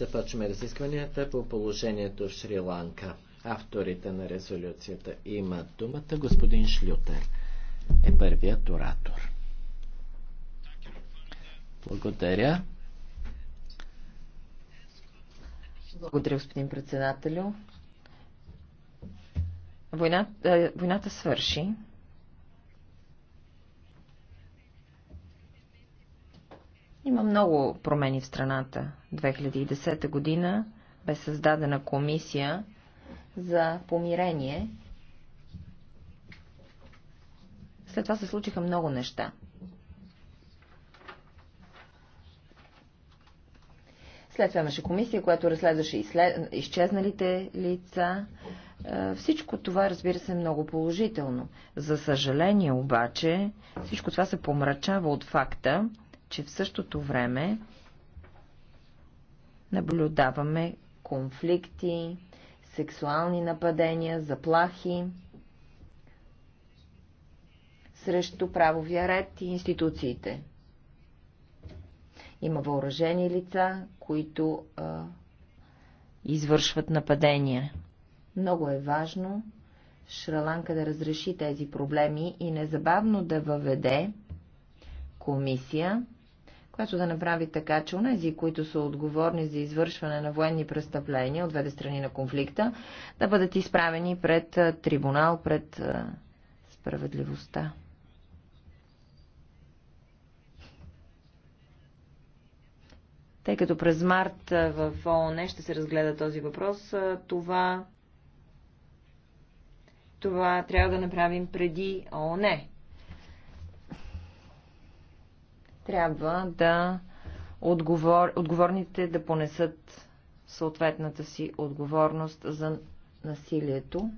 Започваме разискванията по положението в Шри-Ланка. Авторите на резолюцията имат думата. Господин Шлютер е първият оратор. Благодаря. Благодаря, господин председателю. Война, е, войната свърши. Има много промени в страната. 2010 година бе създадена комисия за помирение. След това се случиха много неща. След това имаше комисия, която разследваше изчезналите лица. Е, всичко това, разбира се, е много положително. За съжаление обаче, всичко това се помрачава от факта, че в същото време наблюдаваме конфликти, сексуални нападения, заплахи срещу правовия ред и институциите. Има въоръжени лица, които а, извършват нападения. Много е важно Шраланка да разреши тези проблеми и незабавно да въведе комисия, която да направи така, че онези, които са отговорни за извършване на военни престъпления от двете страни на конфликта, да бъдат изправени пред трибунал, пред справедливостта. Тъй като през март в ООН ще се разгледа този въпрос, това, това трябва да направим преди ООН. трябва да отговор... отговорните да понесат съответната си отговорност за насилието.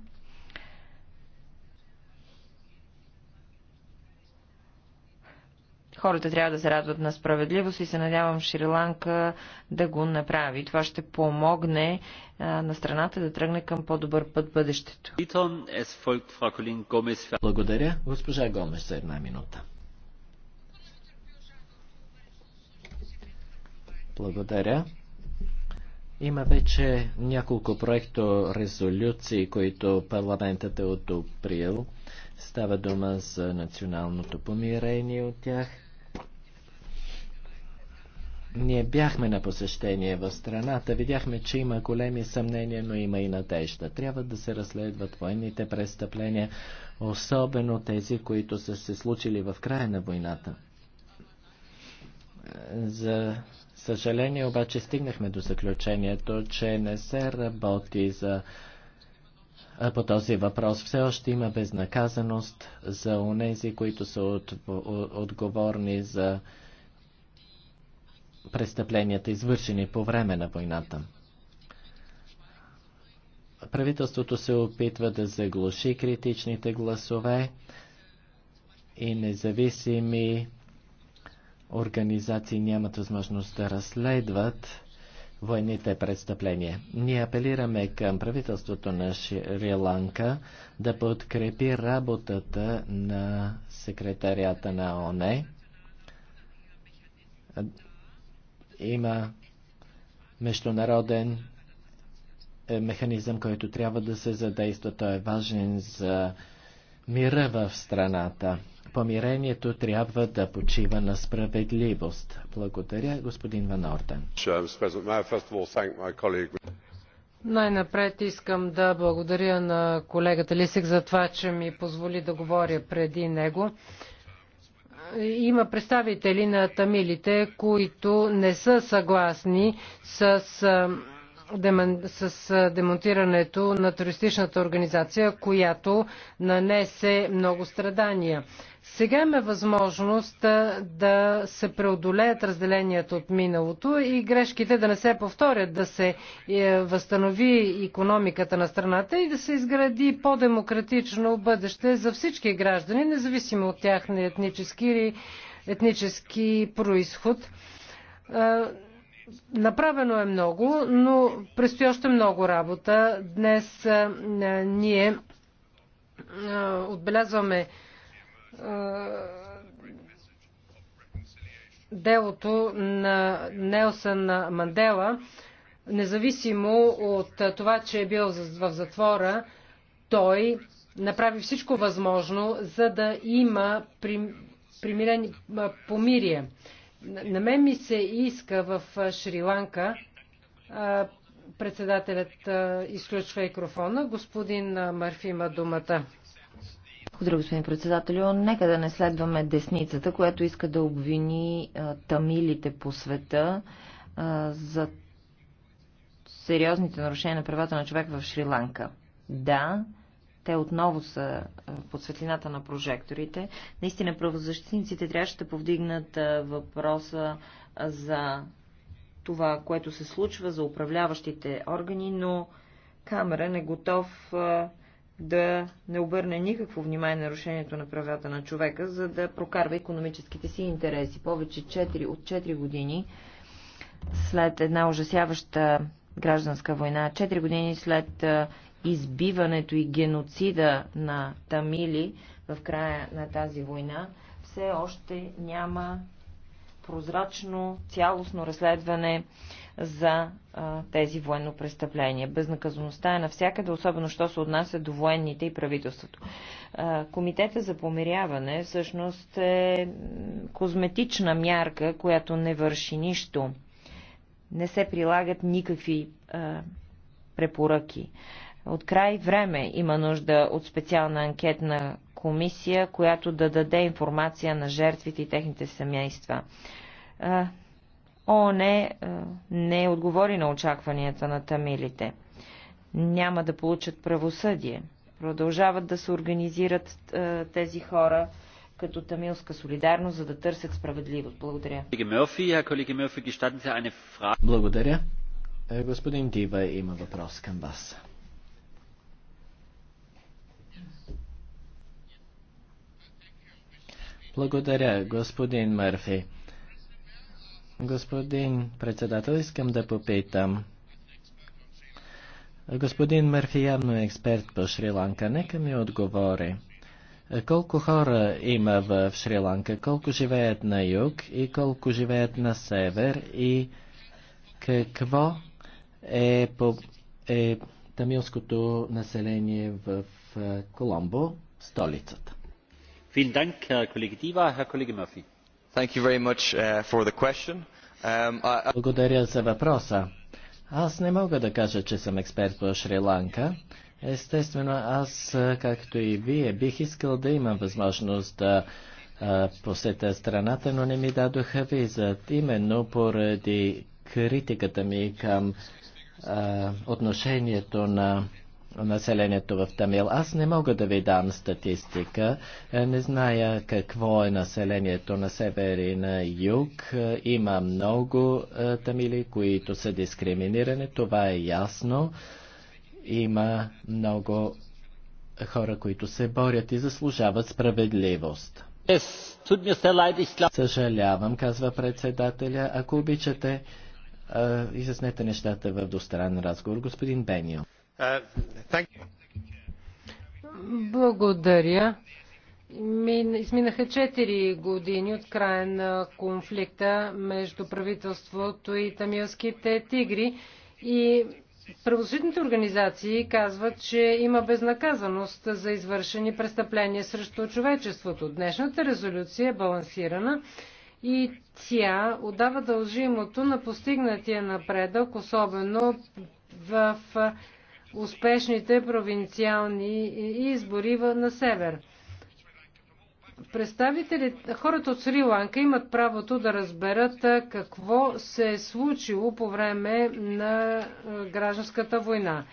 Хората трябва да се радват на справедливост и се надявам Шри-Ланка да го направи. Това ще помогне на страната да тръгне към по-добър път бъдещето. Благодаря, госпожа Гомес, за една минута. Благодаря. Има вече няколко проекто резолюции, които парламентът е одобрил. Става дума за националното помирение от тях. Ние бяхме на посещение в страната, видяхме, че има големи съмнения, но има и надежда. Трябва да се разследват военните престъпления, особено тези, които са се случили в края на войната. За съжаление обаче стигнахме до заключението, че не се работи за по този въпрос. Все още има безнаказаност за унези, които са от, отговорни за престъпленията, извършени по време на войната. Правителството се опитва да заглуши критичните гласове и независими организации нямат възможност да разследват военните престъпления. Ние апелираме към правителството на Шри-Ланка да подкрепи работата на секретарията на ОНЕ. Има международен е, механизъм, който трябва да се задейства. Той е важен за мира в страната помирението трябва да почива на справедливост. Благодаря, господин Ван Орден. Най-напред искам да благодаря на колегата Лисик за това, че ми позволи да говоря преди него. Има представители на тамилите, които не са съгласни с с демонтирането на туристичната организация, която нанесе много страдания. Сега има възможност да се преодолеят разделенията от миналото и грешките да не се повторят, да се е, възстанови економиката на страната и да се изгради по-демократично бъдеще за всички граждани, независимо от тяхния етнически или етнически происход Направено е много, но предстои още много работа. Днес ние отбелязваме делото на Нелсън Мандела, независимо от това, че е бил в затвора, той направи всичко възможно, за да има примирение, помирие. На мен ми се иска в Шри-Ланка председателят изключва микрофона. Господин Марфи има думата. Благодаря, господин председател, Нека да не следваме десницата, която иска да обвини тамилите по света за сериозните нарушения на правата на човек в Шри-Ланка. Да, те отново са е, под светлината на прожекторите. Наистина правозащитниците трябваше да повдигнат е, въпроса е, за това, което се случва, за управляващите органи, но Камера не готов да не обърне никакво внимание на нарушението на правата на човека, за да прокарва економическите си интереси. Повече 4, от 4 години след една ужасяваща гражданска война, 4 години след избиването и геноцида на тамили в края на тази война, все още няма прозрачно, цялостно разследване за а, тези военно престъпления. Безнаказаността е навсякъде, особено що се отнася до военните и правителството. А, комитета за помиряване всъщност е козметична мярка, която не върши нищо. Не се прилагат никакви а, препоръки. От край време има нужда от специална анкетна комисия, която да даде информация на жертвите и техните семейства. ООН не отговори на очакванията на тамилите. Няма да получат правосъдие. Продължават да се организират тези хора като тамилска солидарност, за да търсят справедливост. Благодаря. Благодаря. Е, господин Дива има въпрос към вас. Благодаря, господин Мърфи. Господин председател, искам да попитам. Господин Мърфи явно е експерт по Шри-Ланка. Нека ми отговори. Колко хора има в Шри-Ланка? Колко живеят на юг и колко живеят на север? И какво е, по, е тамилското население в Коломбо, столицата? Thank you very much uh, for the question. Um, Благодаря за въпроса. Аз не мога да кажа, че съм експерт по Шри-Ланка. Естествено, аз, както и вие, бих искал да имам възможност да посетя страната, но не ми дадоха виза. Именно поради критиката ми към а, отношението на населението в Тамил. Аз не мога да ви дам статистика. Е, не зная какво е населението на север и на юг. Е, има много е, тамили, които са дискриминирани. Това е ясно. Има много хора, които се борят и заслужават справедливост. Съжалявам, казва председателя. Ако обичате, изяснете нещата в двустранен разговор. Господин Бенио. Благодаря. Изминаха 4 години от края на конфликта между правителството и тамилските тигри и правозащитните организации казват, че има безнаказаност за извършени престъпления срещу човечеството. Днешната резолюция е балансирана и тя отдава дължимото на постигнатия напредък, особено в успешните провинциални избори на север. Представителите, хората от Сри-Ланка имат правото да разберат какво се е случило по време на гражданската война.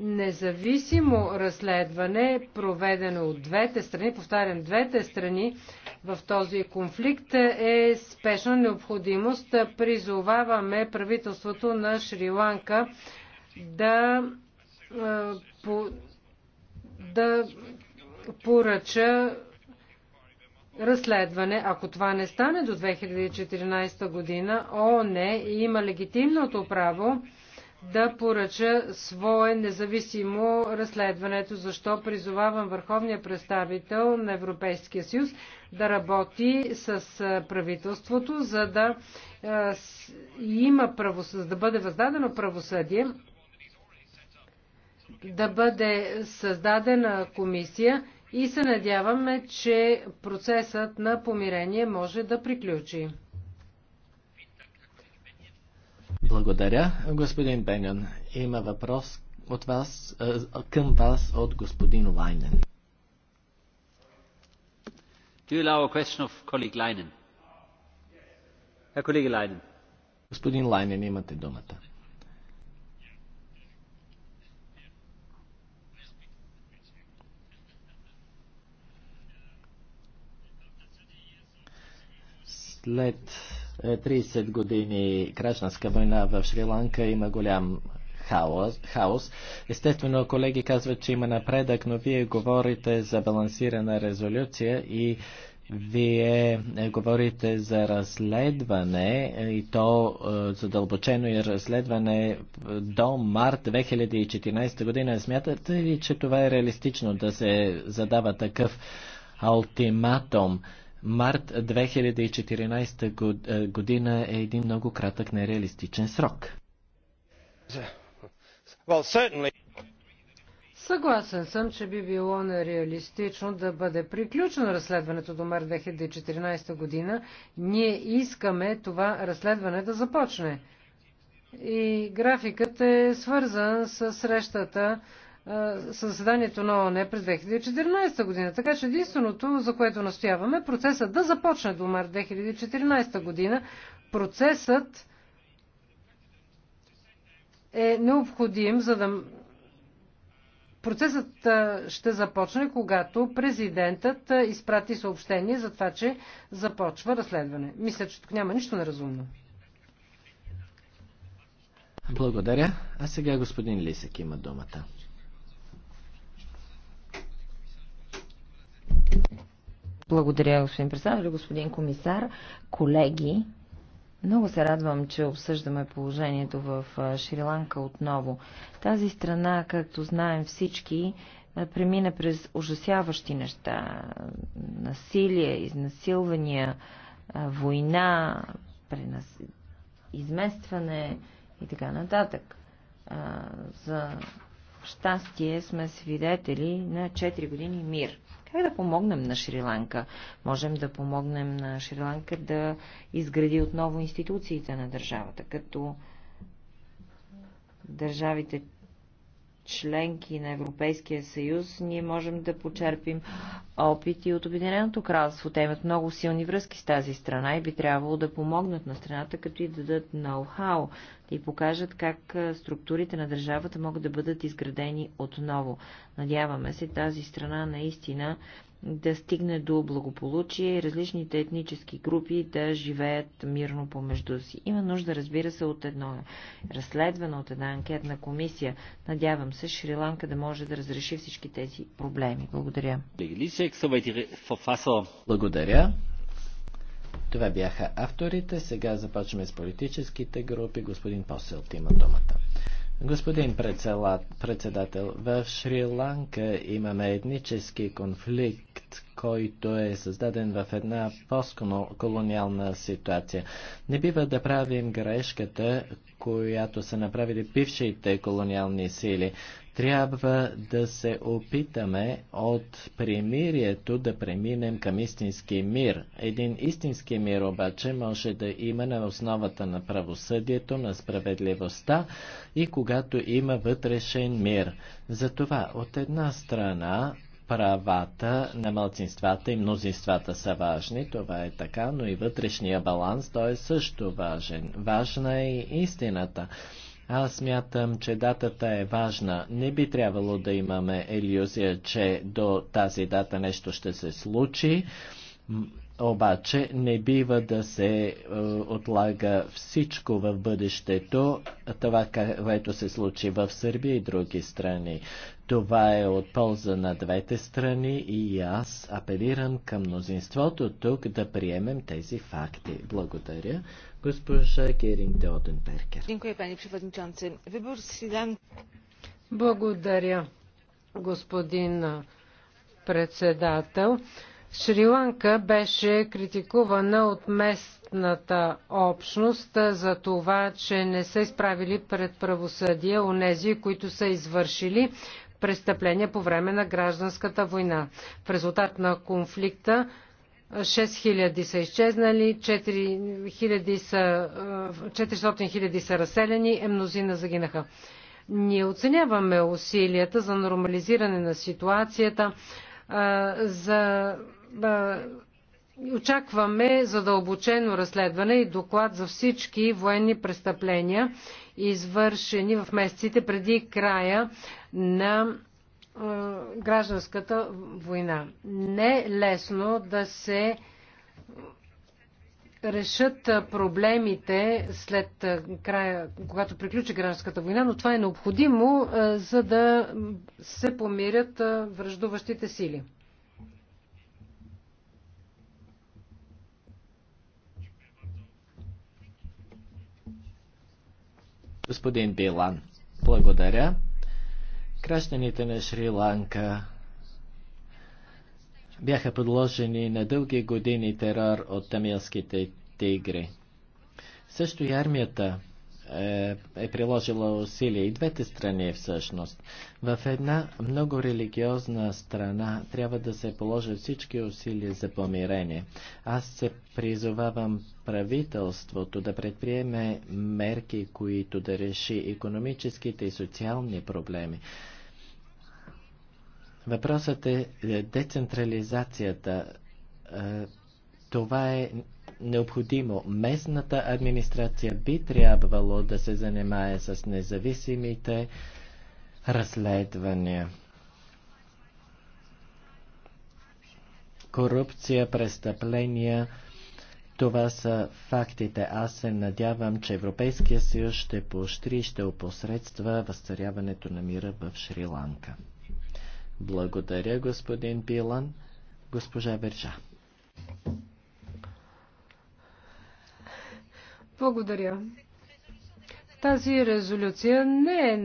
Независимо разследване, проведено от двете страни, повтарям, двете страни в този конфликт е спешна необходимост. Призоваваме правителството на Шри-Ланка да е, по, да поръча разследване. Ако това не стане до 2014 година, ООН е има легитимното право да поръча свое независимо разследването, защо призовавам Върховния представител на Европейския съюз да работи с е, правителството, за да има правосъд, да бъде въздадено правосъдие да бъде създадена комисия и се надяваме, че процесът на помирение може да приключи. Благодаря, господин Бенган. Има въпрос от вас, е, към вас от господин Лайнен. Do you allow a question of colleague Leinen. Господин Лайнен, имате думата. След 30 е, години гражданска война в Шри-Ланка има голям хаос, Естествено, колеги казват, че има напредък, но вие говорите за балансирана резолюция и вие е, говорите за разследване е, и то задълбочено и разследване до март 2014 година. Смятате ли, че това е реалистично да се задава такъв ултиматум? Март 2014 е, година е един много кратък нереалистичен срок. Well, certainly... Съгласен съм, че би било нереалистично да бъде приключено разследването до март 2014 година. Ние искаме това разследване да започне. И графикът е свързан с срещата съседанието на ОНЕ през 2014 година. Така че единственото, за което настояваме, е процесът да започне до март 2014 година. Процесът е необходим, за да. Процесът ще започне, когато президентът изпрати съобщение за това, че започва разследване. Мисля, че тук няма нищо неразумно. Благодаря. А сега господин Лисек има думата. Благодаря, господин председател, господин комисар, колеги. Много се радвам, че обсъждаме положението в Шри-Ланка отново. Тази страна, както знаем всички, премина през ужасяващи неща. Насилие, изнасилвания, война, пренас... изместване и така нататък. За щастие сме свидетели на 4 години мир – как да помогнем на Шри-Ланка? Можем да помогнем на Шри-Ланка да изгради отново институциите на държавата, като държавите членки на Европейския съюз, ние можем да почерпим опити от Обединеното кралство. Те имат много силни връзки с тази страна и би трябвало да помогнат на страната, като и дадат ноу-хау и покажат как структурите на държавата могат да бъдат изградени отново. Надяваме се тази страна наистина да стигне до благополучие и различните етнически групи да живеят мирно помежду си. Има нужда, разбира се, от едно разследване, от една анкетна комисия. Надявам се, Шри-Ланка да може да разреши всички тези проблеми. Благодаря. Благодаря. Това бяха авторите. Сега започваме с политическите групи. Господин Посел, има думата. Господин председател, в Шри-Ланка имаме етнически конфликт, който е създаден в една постколониална ситуация. Не бива да правим грешката, която са направили бившите колониални сили. Трябва да се опитаме от примирието да преминем към истински мир. Един истински мир обаче може да има на основата на правосъдието, на справедливостта и когато има вътрешен мир. Затова от една страна правата на малцинствата и мнозинствата са важни, това е така, но и вътрешния баланс, той е също важен. Важна е и истината. Аз мятам, че датата е важна. Не би трябвало да имаме иллюзия, че до тази дата нещо ще се случи. Обаче не бива да се е, отлага всичко в бъдещето, това, което се случи в Сърбия и други страни. Това е от полза на двете страни и аз апелирам към мнозинството тук да приемем тези факти. Благодаря. Госпожа Геринг Деоденбергер. Благодаря, господин председател. Шри-Ланка беше критикувана от местната общност за това, че не са изправили пред правосъдие онези, които са извършили престъпления по време на гражданската война. В резултат на конфликта 6000 са изчезнали, 4000 са, 400 е, 000 са разселени, е мнозина загинаха. Ние оценяваме усилията за нормализиране на ситуацията, е, за е, Очакваме задълбочено разследване и доклад за всички военни престъпления, извършени в месеците преди края на е, гражданската война. Не е лесно да се решат проблемите след е, края, когато приключи гражданската война, но това е необходимо, е, за да се помирят е, връждуващите сили. Господин Билан, благодаря. Гражданите на Шри-Ланка бяха подложени на дълги години терор от тамилските тигри. Също и армията е, е приложила усилия и двете страни всъщност. В една много религиозна страна трябва да се положат всички усилия за помирение. Аз се призовавам правителството да предприеме мерки, които да реши економическите и социални проблеми. Въпросът е, е децентрализацията. Е, това е необходимо. Местната администрация би трябвало да се занимае с независимите разследвания. Корупция, престъпления, това са фактите. Аз се надявам, че Европейския съюз ще поощри и ще опосредства възцаряването на мира в Шри-Ланка. Благодаря, господин Билан. Госпожа Бержа. Благодаря. Тази резолюция не, е,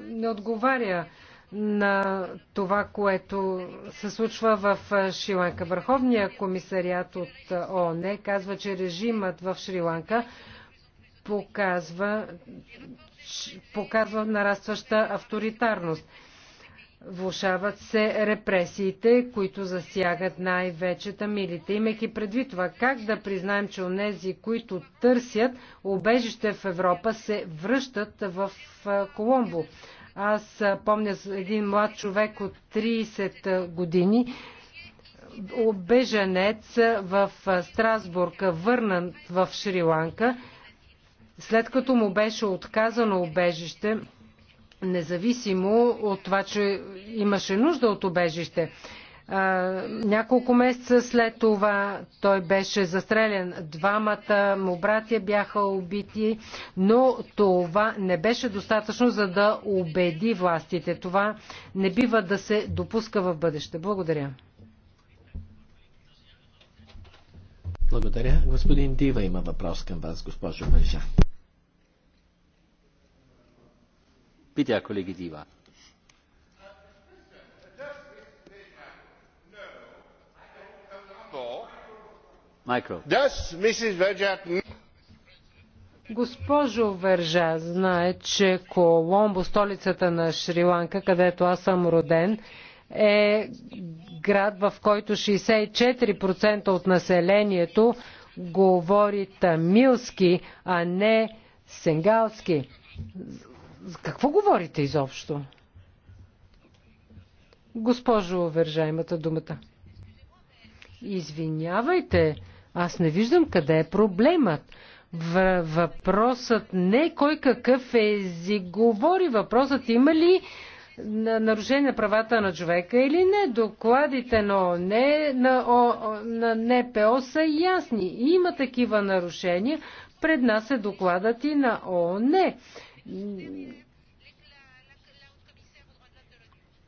не отговаря на това, което се случва в Шри-Ланка. Върховният комисариат от ООН казва, че режимът в Шри-Ланка показва, показва нарастваща авторитарност. Влушават се репресиите, които засягат най-вече тамилите. Имайки предвид това, как да признаем, че онези, които търсят обежище в Европа, се връщат в Коломбо? Аз помня един млад човек от 30 години, обеженец в Страсбург, върнан в Шри-Ланка, след като му беше отказано обежище, независимо от това, че имаше нужда от обежище. Няколко месеца след това той беше застрелян. Двамата му братя бяха убити, но това не беше достатъчно, за да убеди властите. Това не бива да се допуска в бъдеще. Благодаря. Благодаря. Господин Дива има въпрос към вас, госпожо Мържа. Bitte, Herr Kollege diva! Госпожо Вержа, знае, че Коломбо, столицата на Шри-Ланка, където аз съм роден, е град, в който 64% от населението говори тамилски, а не сенгалски какво говорите изобщо? Госпожо вържаймата думата. Извинявайте, аз не виждам къде е проблемът. Въпросът не е кой какъв език говори. Въпросът има ли на нарушение на правата на човека или не. Докладите на ОНЕ, на, О, на НПО са ясни. Има такива нарушения. Пред нас е докладът и на ОНЕ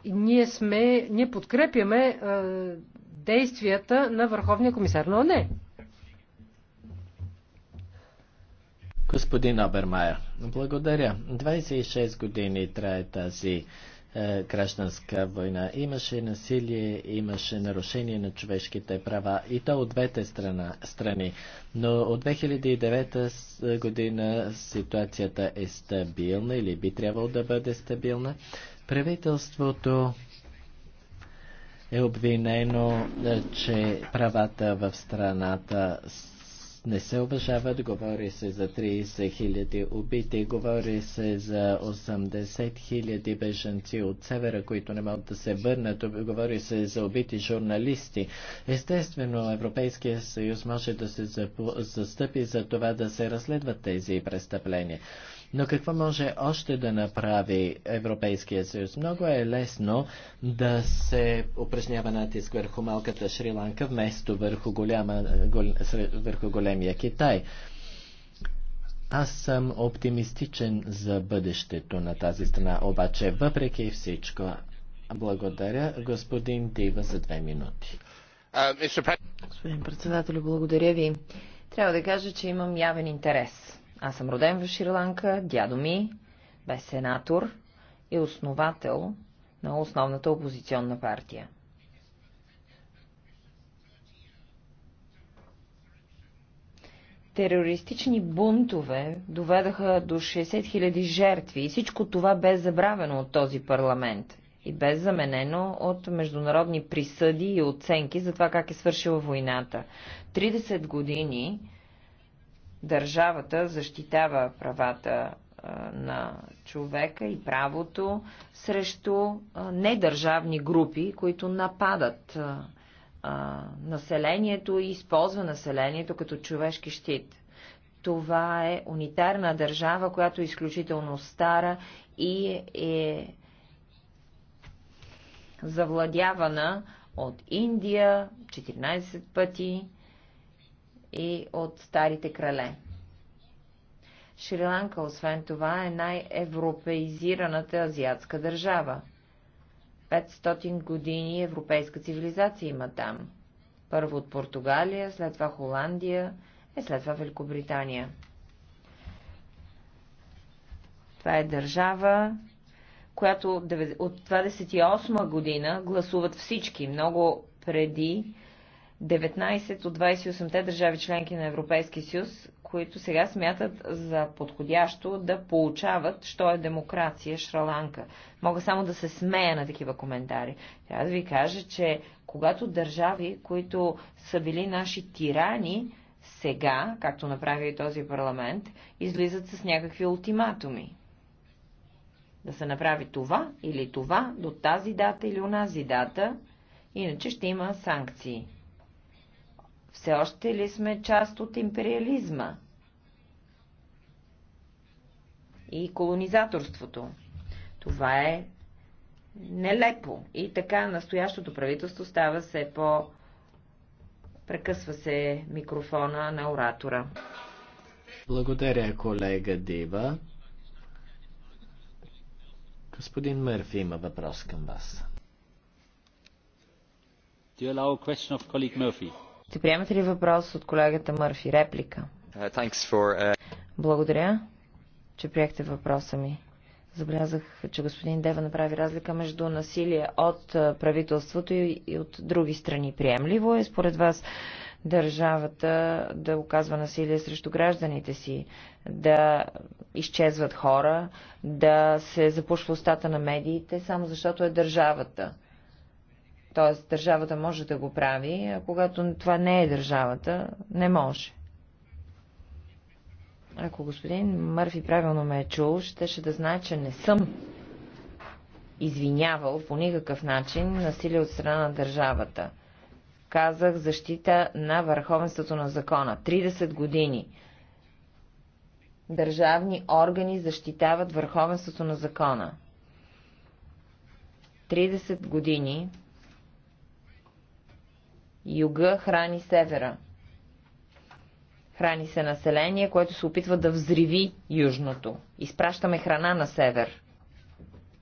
ние, сме, ние подкрепяме а, е, действията на Върховния комисар на ОНЕ. Господин Обермайер, благодаря. 26 години трае тази е, гражданска война. Имаше насилие, имаше нарушение на човешките права и то от двете страна, страни. Но от 2009 е, година ситуацията е стабилна или би трябвало да бъде стабилна. Правителството е обвинено, е, че правата в страната са не се уважават. Говори се за 30 хиляди убити, говори се за 80 хиляди бежанци от севера, които не могат да се върнат, говори се за убити журналисти. Естествено, Европейския съюз може да се застъпи за това да се разследват тези престъпления. Но какво може още да направи Европейския съюз? Много е лесно да се упражнява натиск върху малката Шри-Ланка, вместо върху, голяма, гол, върху големия Китай. Аз съм оптимистичен за бъдещето на тази страна, обаче въпреки всичко, благодаря господин Дива за две минути. Господин председател, благодаря ви. Трябва да кажа, че имам явен интерес аз съм роден в Шри-Ланка, дядо ми бе сенатор и основател на основната опозиционна партия. Терористични бунтове доведаха до 60 000 жертви и всичко това бе забравено от този парламент и бе заменено от международни присъди и оценки за това как е свършила войната. 30 години държавата защитава правата на човека и правото срещу недържавни групи, които нападат населението и използва населението като човешки щит. Това е унитарна държава, която е изключително стара и е завладявана от Индия 14 пъти, и от старите крале. Шри-Ланка, освен това, е най-европеизираната азиатска държава. 500 години европейска цивилизация има там. Първо от Португалия, след това Холандия и след това Великобритания. Това е държава, която от 28 година гласуват всички, много преди 19 от 28-те държави членки на Европейския съюз, които сега смятат за подходящо да получават, що е демокрация Шраланка. Мога само да се смея на такива коментари. Трябва да ви кажа, че когато държави, които са били наши тирани, сега, както направи и този парламент, излизат с някакви ултиматуми. Да се направи това или това до тази дата или унази дата, иначе ще има санкции. Все още ли сме част от империализма и колонизаторството? Това е нелепо. И така настоящото правителство става все по... Прекъсва се микрофона на оратора. Благодаря, колега Дива. Господин Мърфи има въпрос към вас. Do you allow a question of colleague Murphy? Ще приемете ли въпрос от колегата Мърфи? Реплика. Uh, uh, Благодаря, че приехте въпроса ми. Забелязах, че господин Дева направи разлика между насилие от правителството и от други страни. Приемливо е според вас държавата да оказва насилие срещу гражданите си, да изчезват хора, да се запушва устата на медиите, само защото е държавата. Т.е. държавата може да го прави, а когато това не е държавата, не може. Ако господин Мърфи правилно ме е чул, ще ще да знае, че не съм извинявал по никакъв начин насилие от страна на държавата. Казах защита на върховенството на закона. 30 години държавни органи защитават върховенството на закона. 30 години Юга храни севера. Храни се население, което се опитва да взриви южното. Изпращаме храна на север.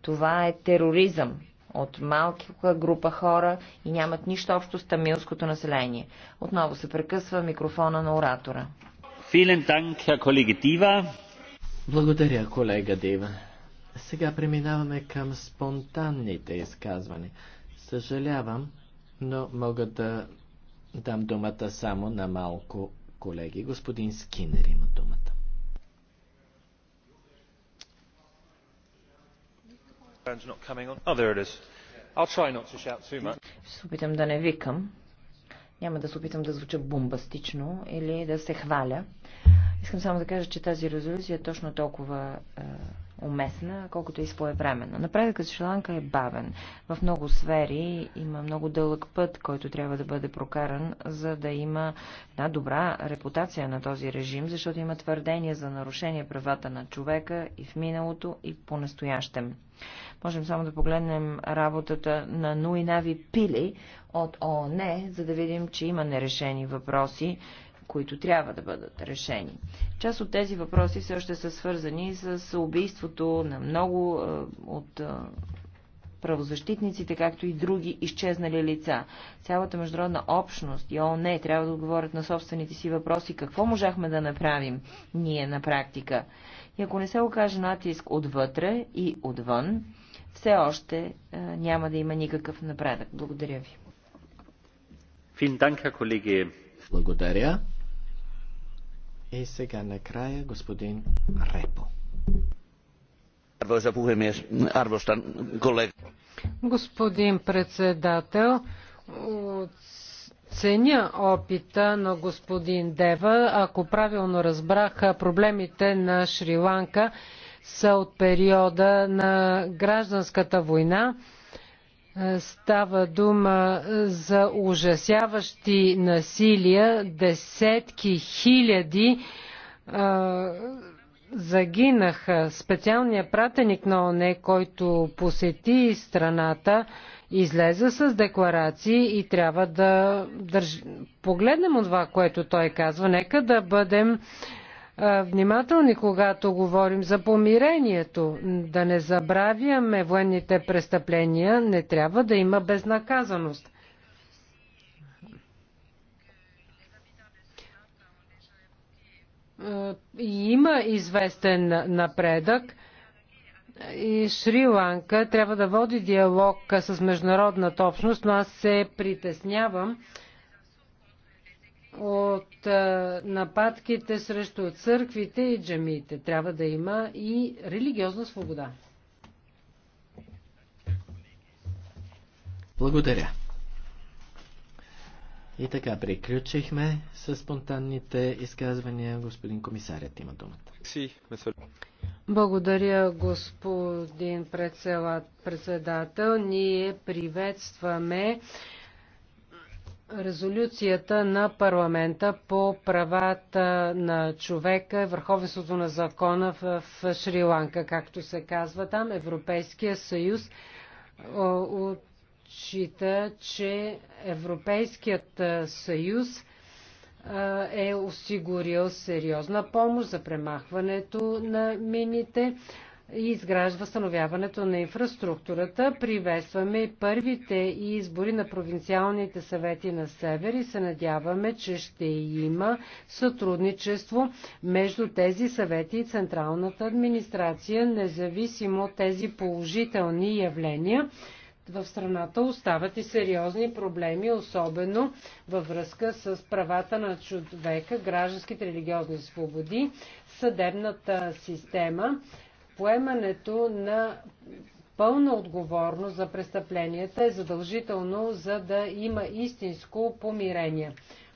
Това е тероризъм от малка група хора и нямат нищо общо с тамилското население. Отново се прекъсва микрофона на оратора. Благодаря, колега Дива. Сега преминаваме към спонтанните изказвания. Съжалявам, но мога да дам думата само на малко колеги. Господин Скинер има думата. Oh, Ще се опитам да не викам. Няма да се опитам да звуча бомбастично или да се хваля. Искам само да кажа, че тази резолюция е точно толкова уместна, колкото и своевременна. Напредъкът с Шри-Ланка е бавен. В много сфери има много дълъг път, който трябва да бъде прокаран, за да има една добра репутация на този режим, защото има твърдения за нарушение правата на човека и в миналото, и по-настоящем. Можем само да погледнем работата на Нуинави Пили от ООН, за да видим, че има нерешени въпроси които трябва да бъдат решени. Част от тези въпроси все още са свързани с убийството на много от правозащитниците, както и други изчезнали лица. Цялата международна общност и ООН трябва да отговорят на собствените си въпроси какво можахме да направим ние на практика. И ако не се окаже натиск отвътре и отвън, все още няма да има никакъв напредък. Благодаря ви. Благодаря. И сега накрая господин Репо. Arvoisa puhemies, arvostan kollega. Господин председател, ценя опита на господин Дева. Ако правилно разбрах, проблемите на Шри-Ланка са от периода на гражданската война. Е, става дума за ужасяващи насилия, десетки хиляди а, е, загинаха. Специалният пратеник на ОНЕ, който посети страната, излезе с декларации и трябва да държ... погледнем от това, което той казва. Нека да бъдем внимателни, когато говорим за помирението. Да не забравяме военните престъпления, не трябва да има безнаказаност. И има известен напредък и Шри-Ланка трябва да води диалог с международната общност, но аз се притеснявам, от нападките срещу църквите и джамиите. Трябва да има и религиозна свобода. Благодаря. И така приключихме с спонтанните изказвания. Господин комисарят има думата. Благодаря, господин председател. Ние приветстваме резолюцията на парламента по правата на човека, върховенството на закона в Шри-Ланка, както се казва там. Европейския съюз отчита, че Европейският съюз е осигурил сериозна помощ за премахването на мините и изгражда възстановяването на инфраструктурата. Приветстваме и първите избори на провинциалните съвети на Север и се надяваме, че ще има сътрудничество между тези съвети и Централната администрация, независимо от тези положителни явления. В страната остават и сериозни проблеми, особено във връзка с правата на човека, гражданските религиозни свободи, съдебната система поемането на пълна отговорност за престъпленията е задължително, за да има истинско помирение.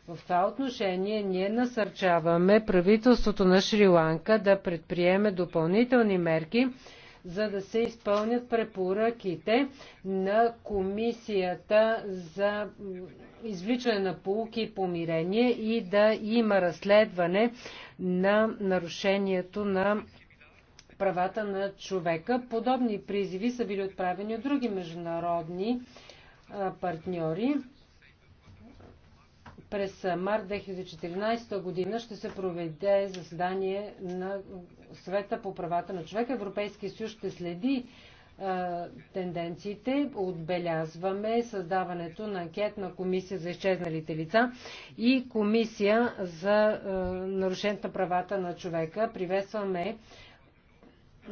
В това отношение ние насърчаваме правителството на Шри-Ланка да предприеме допълнителни мерки, за да се изпълнят препоръките на Комисията за извличане на полуки и помирение и да има разследване на нарушението на правата на човека. Подобни призиви са били отправени от други международни партньори. През март 2014 година ще се проведе заседание на Света по правата на човека. Европейския съюз ще следи тенденциите. Отбелязваме създаването на анкетна комисия за изчезналите лица и комисия за нарушението на правата на човека. Приветстваме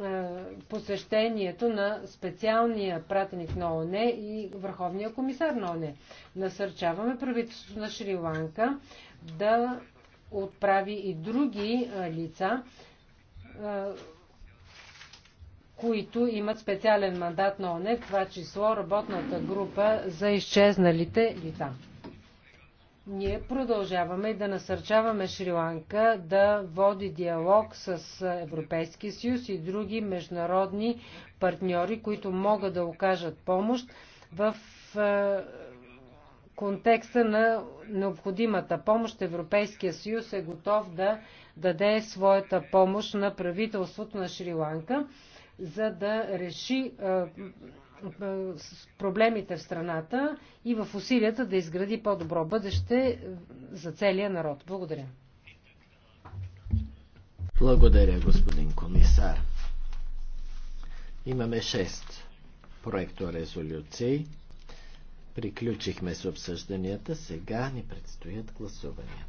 е, посещението на специалния пратеник на ОНЕ и Върховния комисар на ОНЕ. Насърчаваме правителството на Шри-Ланка да отправи и други е, лица, е, които имат специален мандат на ОНЕ, в това число работната група за изчезналите лица. Ние продължаваме да насърчаваме Шри-Ланка да води диалог с Европейския съюз и други международни партньори, които могат да окажат помощ в е, контекста на необходимата помощ Европейския съюз е готов да даде своята помощ на правителството на Шри-Ланка, за да реши е, е, с проблемите в страната и в усилията да изгради по-добро бъдеще за целия народ. Благодаря. Благодаря, господин комисар. Имаме 6 проекто резолюции. Приключихме с обсъжданията, сега ни предстоят гласуванията.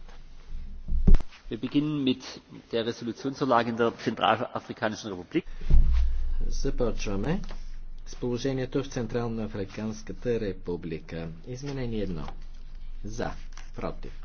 Wir beginnen mit der Resolutionsverlage in der Zentralafrikanischen Republik. Започваме с положението в Централна Африканската република. Изменение 1. За. Против.